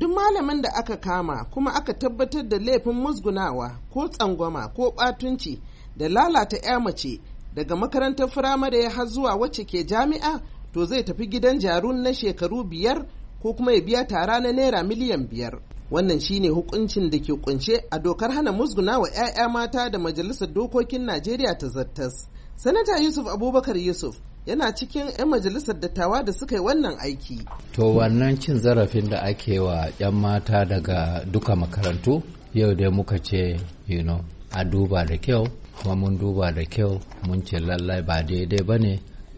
duk malamin da aka kama kuma aka tabbatar da laifin musgunawa ko tsangwama ko ɓatunci da lalata 'ya mace daga makarantar firamare har zuwa wacce ke jami'a to zai tafi gidan jarun na shekaru biyar ko kuma ya biya tara na naira miliyan biyar wannan shine hukuncin da ke kunshe a dokar hana musgunawa 'ya'ya mata da majalisar dokokin najeriya ta zattas sanata yusuf abubakar yusuf yana cikin 'yan majalisar dattawa da suka yi wannan aiki. To wannan cin zarafin da ake wa 'yan mata daga duka makarantu yau dai muka ce you know, a duba da kyau kuma mun duba da kyau mun ce lallai ba daidai ba ne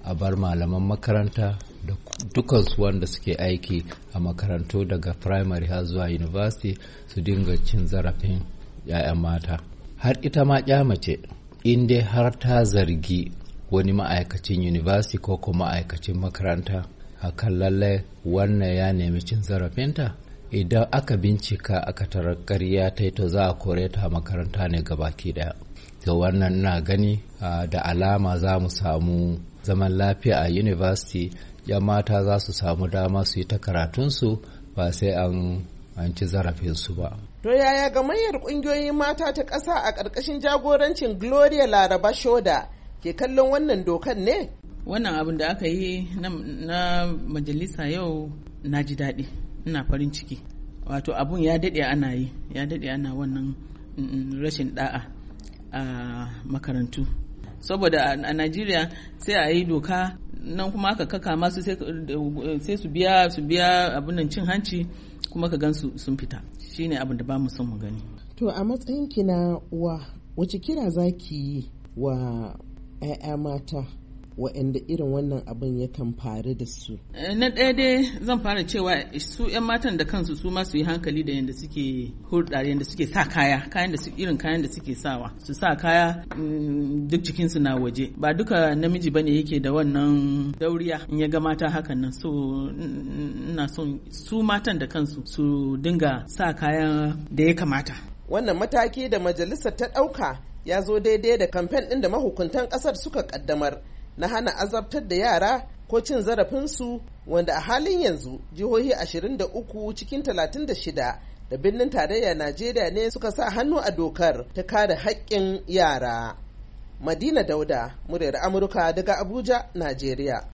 a bar malaman makaranta da dukansu wanda suke aiki a makarantu daga primary har zuwa university su dinga cin zarafin 'ya'yan mata har ita ma mace in dai har ta zargi wani ma'aikacin university ko kuma ma'aikacin makaranta hakan lallai wannan ya nemi cin zarafinta idan aka bincika aka tarar ƙarya ta to za a kore ta makaranta ne baki daya ga wannan na gani da alama za mu samu zaman lafiya a university yan mata za su samu dama su yi ta karatunsu ba sai an an ci zarafinsu ba. To yaya gamayyar ƙungiyoyin mata ta ƙasa a ƙarƙashin jagorancin Gloria Laraba Shoda ke kallon wannan dokan ne wannan abin da aka yi na majalisa yau na ji daɗi ina farin ciki wato abun ya daɗe ana yi ya daɗe ana wannan mm, mm, rashin ɗa'a a makarantu saboda a najeriya sai a yi doka nan kuma aka kaka masu sai su biya su biya abin cin hanci kuma ka gan sun fita Shi ne abin da ba mu son mu gani to a matsayin ki na wace kira zaki wa 'ya'ya mata waɗanda irin wannan abin yakan faru da su? Eh, na ɗaya dai zan fara cewa su 'yan matan da kansu su ma yi hankali da yadda suke hurɗa yadda suke sa kaya, kayan da irin kayan da suke sawa. Su sa kaya mm, duk jikinsu na waje. Ba duka namiji ba ne yake da wannan dauriya in ya ga mata hakan nan. So ina son su matan da kansu su dinga sa kaya da ya kamata. Wannan mataki da majalisa ta ɗauka ya zo daidai da kamfen ɗin da mahukuntan ƙasar suka ƙaddamar na hana azabtar da yara ko cin zarafinsu wanda a halin yanzu jihohi 23 cikin 36 da birnin tarayya Najeriya ne suka sa hannu a dokar ta kare haƙƙin yara. Madina Dauda, muryar Amurka daga Abuja, Najeriya.